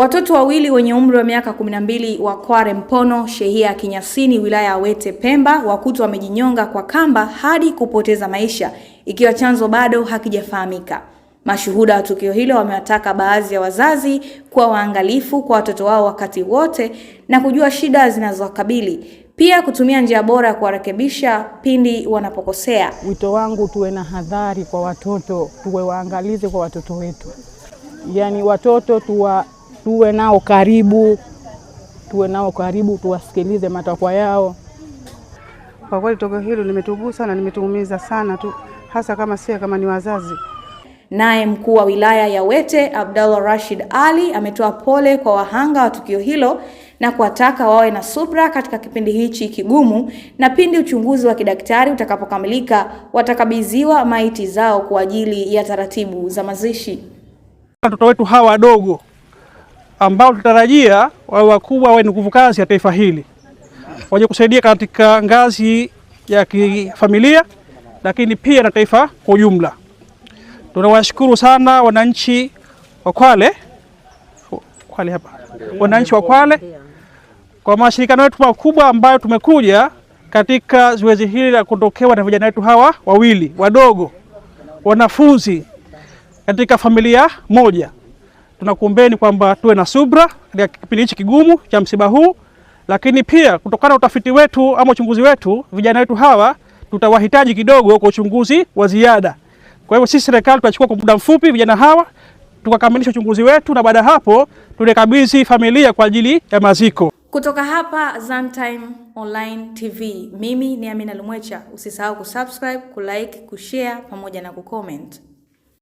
Watoto wawili wenye umri wa miaka 12 wa Kware Mpono, shehia ya Kinyasini, wilaya ya Wete, Pemba, wakutwa wamejinyonga kwa kamba hadi kupoteza maisha, ikiwa chanzo bado hakijafahamika. Mashuhuda wa tukio hilo wamewataka baadhi ya wazazi kuwa waangalifu kwa watoto wao wakati wote na kujua shida zinazowakabili, pia kutumia njia bora ya kuwarekebisha pindi wanapokosea. Wito wangu tuwe na hadhari kwa watoto, tuwe waangalizi kwa watoto wetu, yaani watoto tuwa tuwe nao karibu, tuwe nao karibu, tuwasikilize matakwa yao. Kwa kweli tokeo hilo limetugusa na limetuumiza sana tu, hasa kama sie kama ni wazazi. Naye mkuu wa wilaya ya Wete Abdallah Rashid Ali ametoa pole kwa wahanga wa tukio hilo na kuwataka wawe na subra katika kipindi hichi kigumu, na pindi uchunguzi wa kidaktari utakapokamilika watakabidhiwa maiti zao kwa ajili ya taratibu za mazishi. Watoto wetu hawa wadogo ambao tunatarajia wawe wakubwa, wawe ni nguvu kazi ya taifa hili, waje kusaidia katika ngazi ya kifamilia, lakini pia na taifa kwa ujumla. Tunawashukuru sana wananchi wa Kwale, Kwale hapa, wananchi wa Kwale kwa mashirikiano yetu makubwa ambayo tumekuja katika zoezi hili la kuondokewa na vijana wetu hawa wawili wadogo, wanafunzi katika familia moja tunakuombeni kwamba tuwe na subra katika kipindi hichi kigumu cha msiba huu, lakini pia kutokana na utafiti wetu ama uchunguzi wetu, vijana wetu hawa tutawahitaji kidogo kwa uchunguzi wa ziada. Kwa hivyo sisi serikali tunachukua kwa muda mfupi vijana hawa tukakamilisha uchunguzi wetu, na baada ya hapo tulikabidhi familia kwa ajili ya maziko. Kutoka hapa Zantime Online TV, mimi ni Amina Lumwecha. Usisahau kusubscribe, kulike, kushare pamoja na kucomment.